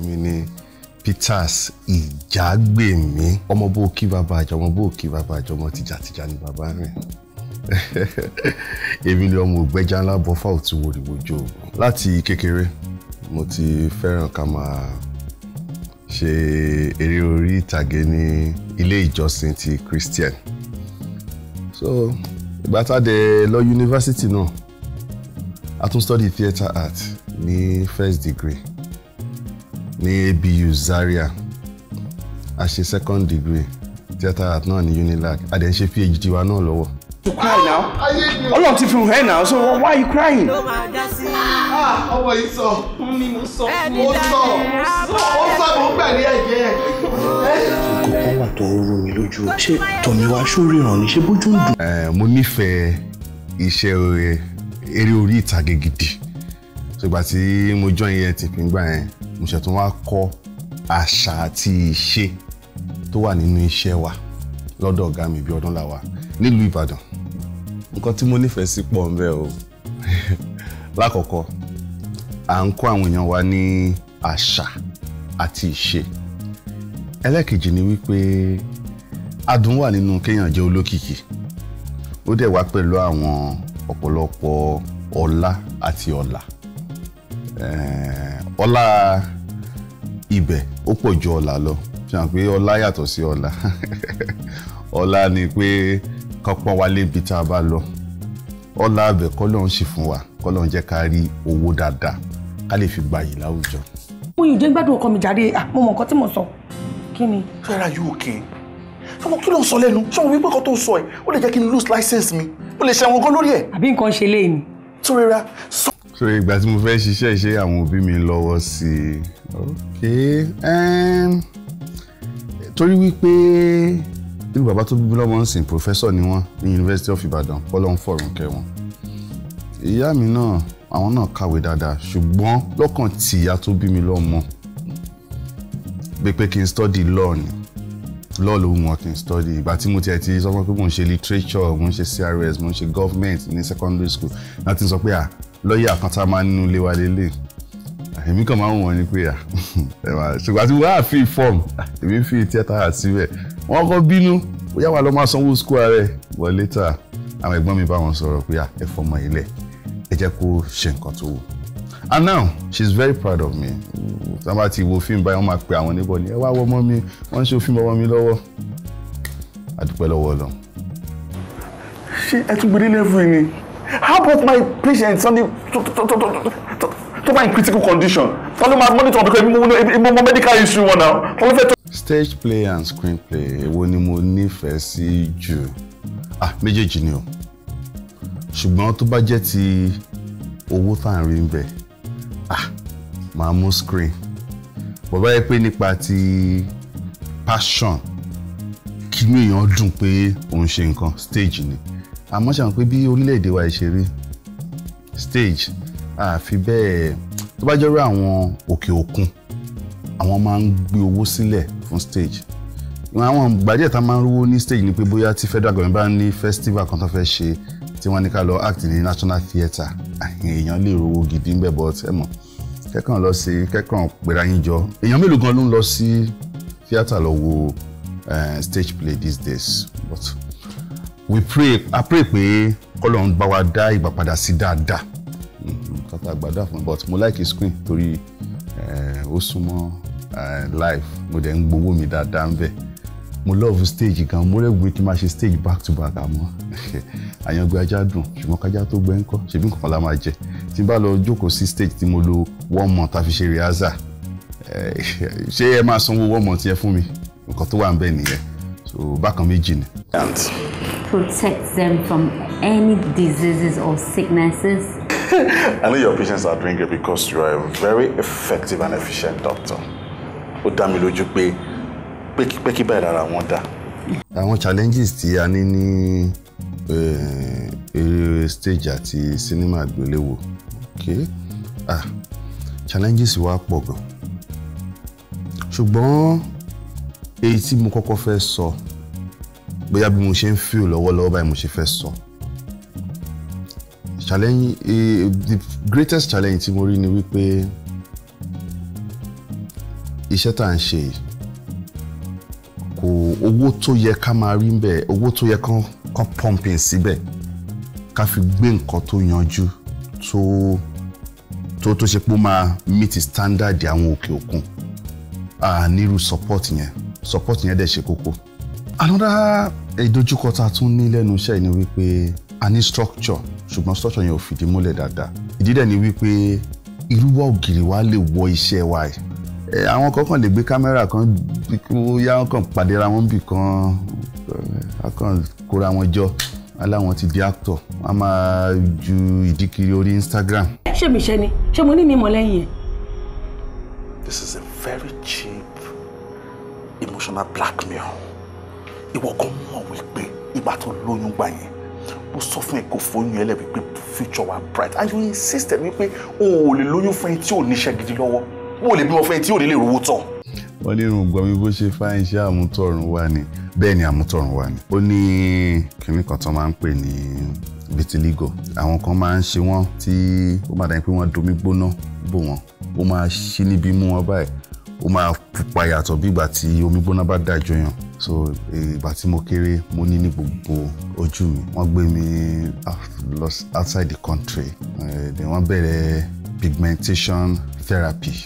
tèmi ni Peters Ìjàgbèmí ọmọ bó kí bàbá àjọ ọmọ bó kí bàbá àjọ ọmọ tìjàtìjà ni bàbá rìn èmi ni ọmọ ògbẹ́jà ńlá bọ́fà òtún wòlíwòjò láti kékeré mo ti fẹ́ràn ká máa ṣe eré orí ìtàgé ní ilé ìjọsìn ti Christian so ìgbà tá a dé lọ yunifásitì náà a tún study theatre art ní first degree ní ABU Zaria a ṣe second degree theatre art náà ní UNILAG a dẹ̀ ń ṣe PhD wa náà lọ́wọ́. you cry now ah, ọlọ́run ti fi hàn ẹ́ now so why are you crying. ló máa dá sí i. Ah, ọmọ yìí sọ mi mo sọ mo sọ mo sọ mo ń gbàgbé ẹ̀jẹ̀ ẹ̀. nǹkan kan wà tó rú mi lójú ṣé tọ̀míwá ṣóríran bójú ń dùn. Eh, mo nífẹ̀ẹ́ iṣẹ́ eré orí ìtàgé gidi ṣùgbà tí mo join yẹn ti fi gbà yẹn mo ṣe tún wá kọ́ àṣà àti ìṣe tó wà nínú iṣẹ́ wa lọ́dọ̀ ọ̀gá mi bí ọdún làwà nílùú Ìbàdàn nǹkan tí mo nífẹ̀ẹ́ sí pọ̀ ń bẹ̀ o lákọ̀ọ́kọ́ à ń kọ́ àwọn èèyàn wa ní àṣà àti ìṣe ẹlẹ́ẹ̀kejì ni wípé adùn wà nínú kéèyàn jẹ́ olókìkí ó dẹ̀ wá pẹ̀lú àwọn ọ̀pọ̀lọpọ̀ ọlá àti ọ̀la Eh, ọlá ibẹ̀ ó pọ ju ọlà lọ fi pé ọlá yàtọ̀ sí ọlá ọlá ni pé kápọ́n wa lébi tá a bá lọ ọlá abẹ ń fún wa kọ́lọ́n jẹ́ ká rí owó dáadáa ká lè fi gbayì láwùjọ. mo yìí gbádùn ọkọ mi ah, mo tí mo ń sọ lẹ́nu ṣé wípé kan tó ń sọ ṣe àwọn lórí so ìgbà tí mo fẹ́ ṣiṣẹ́ ṣe àwọn òbí mi lọ́wọ́ sí i ok torí wípé irú bàbá tó bí lọ́mọ ń sìn professor ni wọ́n ní University of Ibadan bọ́lọ́ ń fọ̀rùn kẹ́ wọn ìyá mi náà àwọn náà kàwé dáadáa ṣùgbọ́n lọ́kàn tìyá tó bí mi lọ́mọ pé kí n study law ni law ló wù wọ́n kí n study ìgbà tí mo tiẹ̀ ti sọ pé mo ń ṣe literature mo ń ṣe CRS mo ń ṣe government ní secondary school láti sọ pé ah lọ́ọ̀yà kan tá a máa nínú ilé wa lélẹ̀ èmi kàn máa ń wọ̀n ni pé à ṣùgbọ́n àti wàá fi form èmi fi tíátà síbẹ̀ wọ́n kọ́ bínú bóyá wà lọ́ máa sanwó school rẹ̀ wọ́n létà àwọn ẹ̀gbọ́n mi bá wọn sọ̀rọ̀ pé à ah, ẹ fọmọ ilẹ̀ ẹ jẹ́ kó ṣe nǹkan tó wù and now she is very proud of me tá a bá ti wo fíìmù báyìí wọ́n máa pe àwọn níbọ̀ ni ẹ wá wọ ọmọ mi wọ́n ń ṣe fíìmù ọmọ mi lọ́wọ́ àdúpẹ́ lọ́wọ́ Ọlọ́run. ṣé ẹ tún gbé dé lẹ́fù yìí ni how about my patient sunday to to to to to to to critical condition tọ́lú máa monitor because ibi mo ibi mo medical issue wọn náà tọ́lú fẹ́ tó. stage play and screen play èwo ni mo nífẹ̀ẹ́ sí jù ah méjèèjì ni o ṣùgbọ́n tó bá jẹ́ ti owó tá à ń rí ń bẹ̀ ah màá mú screen bàbá yẹ pé nípa ti passion kí inú èèyàn dùn pé òun ṣe nǹkan stage ni àmọ́ ṣàwọn pé bí orílẹ̀-èdè wa ṣe rí stage àfi bẹ́ẹ̀ tó bá jẹ́rú àwọn òkè òkun àwọn máa ń gbé owó sílẹ̀ fún stage àwọn gbàjẹ́ tá máa ń rówó ní stage ni pé bóyá tí federal government bá ní festival kan tó fẹ́ ṣe tí wọ́n ní ká lọ act ní national theatre èèyàn lè rówó gidi ńbẹ̀ but ẹ kẹ́kàn lọ sí kẹ́kàn pèrè ayín jọ èèyàn mélòó gan ló ń lọ sí theatre lọ wo eh, stage play these days but we pray a pray pé kọ́lọ́run bá wa dá ìgbà padà sí dáadáa hmm, kàtà àgbàdo àfọ̀n but mo like his screen torí eh, ó súnmọ́ eh, live mo dẹ̀ ń gbowó mi dáadáa ń bẹ̀ mo love stage gan mo rẹ̀ gbé kí n máa ṣe stage back to back àmọ́ àyàngbé ajá dùn ṣùgbọ́n kájá tó gbẹ ń kọ́ ṣèbí nǹkan la máa jẹ tí n bá lọ jókòó sí stage tí mo lo one month àfi ṣe rehearsal eh, ṣé ẹ máa sanwó one month yẹn fún mi nǹkan tó wà ń bẹ̀ nìyẹn so bákan méjì ni protects them from any diseases or sicknesses. I know your patients are doing it because you are a very effective and efficient doctor. Ó dá mi lójú pé pẹ́kípẹ́kí báyìí lára wọn dá. Àwọn challenges tí a ní ní eh, eré stage àti cinema àgbéléwò okay? ah, challenges wa pọ̀ gan. Ṣùgbọ́n èyí tí mo kọ́kọ́ fẹ́ sọ. So, bóyá bí mo ṣe ń feel lọ́wọ́lọ́wọ́ báyìí mo ṣe fẹ́ sọ. challenge eh, the greatest challenge tí mo rí ni wípé iṣẹ́ tá à ń ṣe yìí kò owó tó yẹ ká máa rí bẹ́ẹ̀ owó tó yẹ kán kán pumping síbẹ̀ ká fi gbé nǹkan tó yanjú tó tó tó ṣe pé ó máa meet standard àwọn òkè òkun ah nírú support yẹn support yẹn dẹ̀ ṣe kókó another ìdojúkọ tá a tún ní lẹ́nu iṣẹ́ ni wípé a ní structure ṣùgbọ́n structure yẹn ò fìdí múlẹ̀ dáadáa ìdí dẹ̀ ni wípé irúwọ́ ògiri wa lè wọ iṣẹ́ wa yìí àwọn kan kàn lè gbé kámẹ́rà kan yá wọn kàn pàdé ra wọn bì kan wọn kóra wọn jọ aláwọn ti di actor wọn máa ju ìdíkiri orí Instagram. ṣé mi ṣe ni ṣé mo ní mi mọ̀ lẹ́yìn ẹ̀. This is a very cheap emotional blackmail ìwọ kan mọ̀ wípé ìgbà tó lóyún gbà yẹn mo sọ fún ẹ kó fóyún ẹ lẹ́bi pé future wa bright and you insisted wípé o ò lè lóyún fún ẹ tí ò níṣẹ́ gidi lọ́wọ́ o ò lè bímọ fún ẹ tí ò ní lè rówó tán wọ́n ní irun gbọ́n mi bó ṣe fa iṣẹ́ àmútọ̀run wá ni bẹ́ẹ̀ ni àmútọ̀run wá ni. ó ní kìnìún kan tán máa ń pè ní vitiligo àwọn kan máa ń ṣe wọ́n tí ó máa dàbí pé wọ́n domi gbóná bò wọ́n ó máa ṣí níbi mú wọn báyìí ó máa pupa yàtọ̀ bí ìgbà tí omi gbóná bá dàjọ yàn so ìgbà tí mo kéré mo ní ní gbogbo ojú mi wọ́n gbé mi outside the country eh, then wọ́n bẹ̀rẹ̀ pigmentation therapy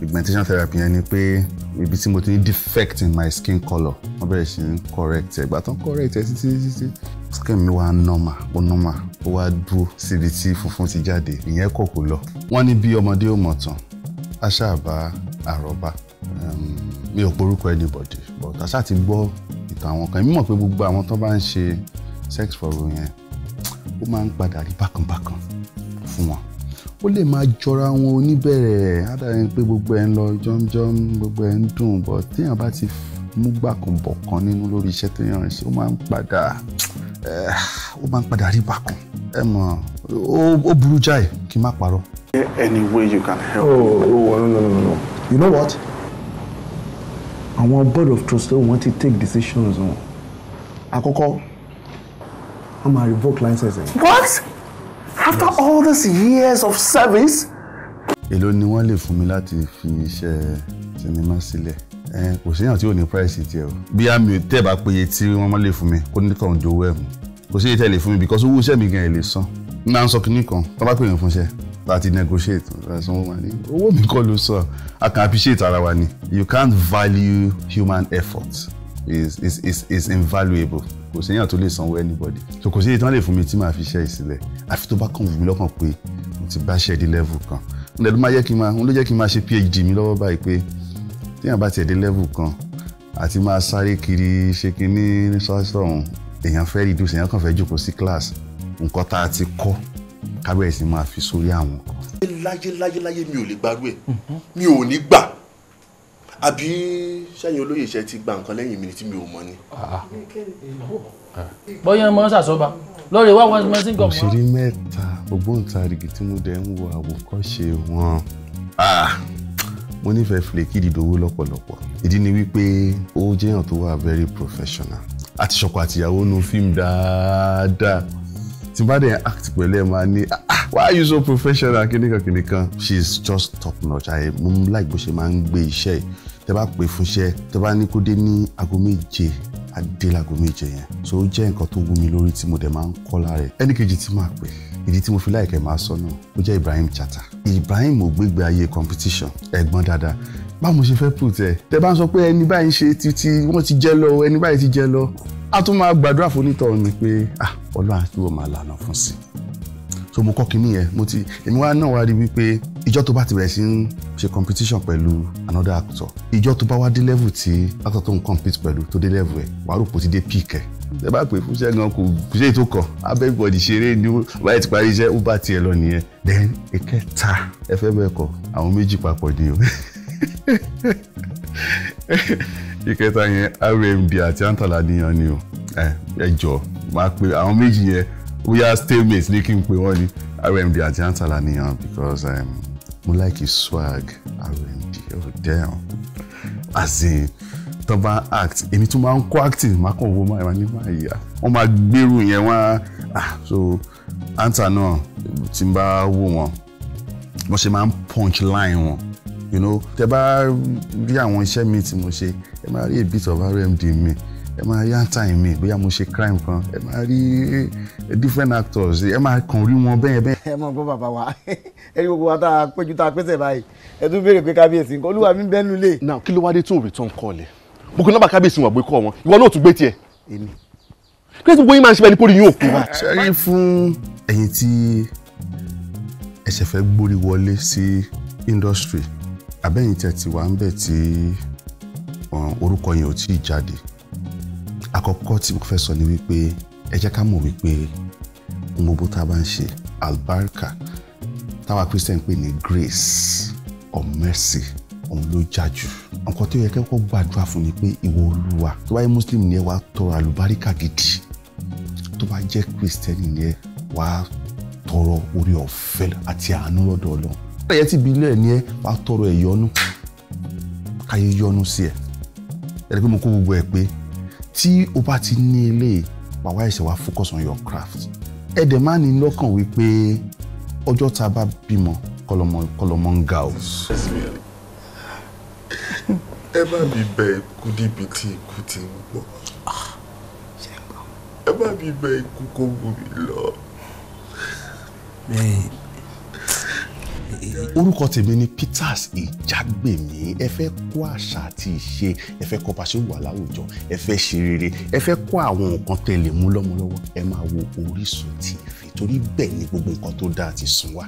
pigmentation therapy yẹn ni pé ibi tí mo ti ní defect in my skin colour wọ́n bẹ̀rẹ̀ sí ní correct ẹ̀ ìgbà tó ń correct ẹ̀ títí títí skin mi wá normal ó normal ó wá dúró síbi tí funfun ti jáde ìyẹn kò kò lọ. wọ́n ní bí ọmọdé ò mọ̀ tán aṣáàbá àròbá mi ò porúkọ anybody but àṣà ti gbọ́ ìtàn àwọn kan èmi pé gbogbo àwọn tó bá ń ṣe sex for ro yẹn ó máa ń padà rí bákanbákan fún wọn ó lè máa jọra wọn oníbẹ̀rẹ̀ ádàrin pé gbogbo ẹ̀ ń lọ jọ́mjọ́m gbogbo ẹ̀ ń dùn bọ̀ téèyàn bá ti mú gbàkànbọ̀ kan nínú lórí iṣẹ́ téèyàn ń ṣe ó máa ń padà eh, ó máa ń padà rí bákan ẹ mọ̀ ó burú jáì kí n má parọ́. any way you can help. oh, oh no no no no you know what àwọn board of trustee wọn ti take decisions wọn àkọ́kọ́ wọn máa revoke license what after yes. all these years of service. èló ni wọ́n lè fún mi láti fi iṣẹ́ sinimá sílẹ̀ kò síyàn tí ò ní price tiẹ̀ o bí àmì tẹ́ bá péye tí wọ́n lè fún mi kó ní kàn jowó ẹ̀ mú kò sí èyí tẹ́ lè fún mi because owó iṣẹ́ mi gan ẹ̀ lè san n máa ń sọ kinní kan tó bá pè yàn fún iṣẹ́ láti negotiate ẹ̀sùn wọn ni owó mi kọ́ ló sọ I can appreciate ara wa ni you can't value human effort is is is is invaluable kò séyàn tó lè sanwó anybody so kò séyàn tó lè fún mi tí màá fi ṣe ìsílẹ̀ àfi tó bá kàn wù mí lọ́kàn pé mo ti bá ṣẹ̀dí level kan ǹdẹ̀ ló máa yẹ kí n máa ń ló jẹ́ kí n máa ṣe phd mi lọ́wọ́ báyìí pé téèyàn bá tiẹ̀ level kan àti máa sáré kiri ṣe kinní ṣọ́ọ̀ṣọ́ ọ̀hún èèyàn fẹ́ reduce èèyàn kàn fẹ́ jòkó sí class nǹkan tá a ti kọ́ kábẹ̀rẹ̀ sí máa fi sórí àwọn kan. láyé láyé láyé mi ò lè gbarú ẹ̀ mi ò ní gbà àbí sẹ́yìn olóyè iṣẹ́ ti gba nǹkan lẹ́yìn mi tí mi ò mọ̀ ni. Ah. bóyá mo ń ṣàṣọba lórí wá wọn mọ sí gọmọ. òṣèré mẹ́ta ògbóǹtarìgì tí mo dẹ̀ ń wo àwòkọ́ṣe wọn ah, mo nífẹ̀ẹ́ fìlèkì ìdìdówó lọ́pọ̀lọpọ̀ ìdí ni wípé ó jẹ́yàn tó wà very professional àti ṣọkọ àtìyàwó nu fíìmù dáadáa tí bá dẹ̀ act pẹ̀lú ẹ̀ máa ní ah, ah, why are you so professional kìnìkan kìnìkan she is just top notch ayé mo ń láì bó ṣe máa ń gbé iṣẹ́ yìí tẹ bá pè fún iṣẹ́ tẹ bá ní kó dé ní aago méje adé láago méje yẹn so ó jẹ́ nǹkan tó wú mi lórí tí mo dẹ̀ máa ń kọ́ lára ẹ̀ ẹnì tí máa pè ìdí tí mo fi láìkẹ́ máa sọ náà ó jẹ́ Ibrahim Chata Ibrahim ò gbégbé ayé competition ẹ̀gbọ́n dáadáa báwo ṣe fẹ́ pù tẹ tẹ bá ń sọ pé ẹni báyìí ṣe títí wọ́n ti jẹ́ lọ ẹni báyìí ti jẹ́ lọ a tún máa gbàdúrà fún onítọ̀ ni pé ah ọlọ́run àti wọ́n máa lànà fún sí so mo kọ́ kínní yẹn mo ti èmi wá náà wá rí wípé ìjọ́ tó bá ti bẹ̀rẹ̀ sí ń ṣe competition pẹ̀lú another actor ìjọ́ tó bá wá dé level tí actor tó ń compete pẹ̀lú tó dé level ẹ̀ wàá rò pé ó ti dé peak ẹ̀ ẹ bá pè fún sẹ́gun kò ṣe ètò kan abẹ́bọ̀dì ṣeré ni báyìí ti parí iṣẹ́ ó bá tiẹ̀ lọ nìyẹn then ìkẹta ẹ fẹ́ bẹ́ẹ̀ kọ àwọn méjì papọ̀ ni o ìkẹta yẹn rmb àti antala níyan ni o ẹ jọ máa pe àwọn méjì yẹn bóyá stalemate ní kí n pe wọ́n ní rmd àti antala nìyẹn because um, mo like his swag rmd oh damn as in tó bá act èmi tó máa ń kó acting máa kàn wo máa ní máa yà wọ́n máa gbèrú yẹn wọ́n á ah, so anta náà tí n bá wò wọ́n mo ṣe máa ń punch line wọn you know tẹ bá rí àwọn iṣẹ́ mi tí mo ṣe ẹ máa rí a bit of rmd mi ẹ máa rí àǹtàyìn mi bóyá mo ṣe crime kan ẹ máa rí eh, different actors ẹ máa kàn rí wọn bẹ́ẹ̀ bẹ́ẹ̀. ẹ mọ̀ gbọ́ bàbá wa ẹ rí gbogbo wa tá a péjú tá a pèsè báyìí ẹ tún béèrè pé kábíyèsí nǹkan olúwa mi bẹ́ẹ̀ nulẹ̀. now kí ló wá dé tún return call ẹ gbogbo nọ́mbà kábíyèsí wọn gbé kọ wọn ìwọ náà tún gbé tiẹ̀. èmi. kí ló ti gbóyin máa ń ṣe bẹ́ẹ̀ ní yín òkú. sẹ́rí fún ẹ̀yin tí ẹsẹ̀ industry àbẹ́yìn tẹ̀ ti wà ń bẹ̀ tí eh, orúkọ yẹn ò tí ì jáde àkọ́kọ́ tí mo fẹ́ sọ ni wípé ẹ jẹ́ ká mọ̀ wípé gbogbo tá a bá ń ṣe albarka táwa christian pè ní grace or mercy òun ló já jù nǹkan tó yẹ kẹ́kọ̀ọ́ gbàdúrà fún ni pé ìwọ olúwa tó bá yẹ muslim ni ẹ wàá tọrọ àlùbáríkà gidi tó bá jẹ́ christian ni ẹ wàá tọrọ orí ọ̀fẹ́ àti àánú lọ́dọ̀ ọlọ́run ẹ̀yẹ tí ìbílẹ̀ ni ẹ wàá tọrọ ẹ̀yọ́nú káyé yọ́nú sí ẹ ẹ̀rẹ́ pé mo kó gbogbo ẹ̀ pé tí o bá ti ní ilé wàá wá ẹsẹ̀ focus on your craft ẹ dẹ̀ má ní lọ́kàn wípé ọjọ́ tá a bá bímọ kọlọmọ kọlọmọ ń ga o. ẹ bá mi bẹ ikú níbi tí ikú ti ń gbọ́ ẹ bá mi bẹ ikú kó mú mi lọ orúkọ tèmi ni Peters Ìjàgbèmí ẹ fẹ́ kó àṣà àti ìṣe ẹ fẹ́ kó bá ṣe wà láwùjọ ẹ fẹ́ ṣe rere ẹ fẹ́ kó àwọn nǹkan tẹ́ lè mú lọ́mọlọ́wọ́ ẹ máa wo Orísun TV torí bẹ́ẹ̀ ni gbogbo nǹkan tó dáa ti sún wá.